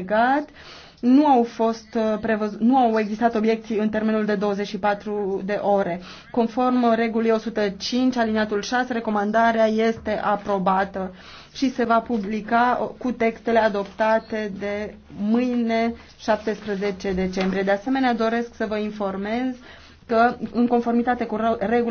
legat. Nu au, fost uh, prevăz- nu au existat obiecții în termenul de 24 de ore. Conform regulii 105, aliniatul 6, recomandarea este aprobată și se va publica cu textele adoptate de mâine 17 decembrie. De asemenea, doresc să vă informez că, în conformitate cu regulile,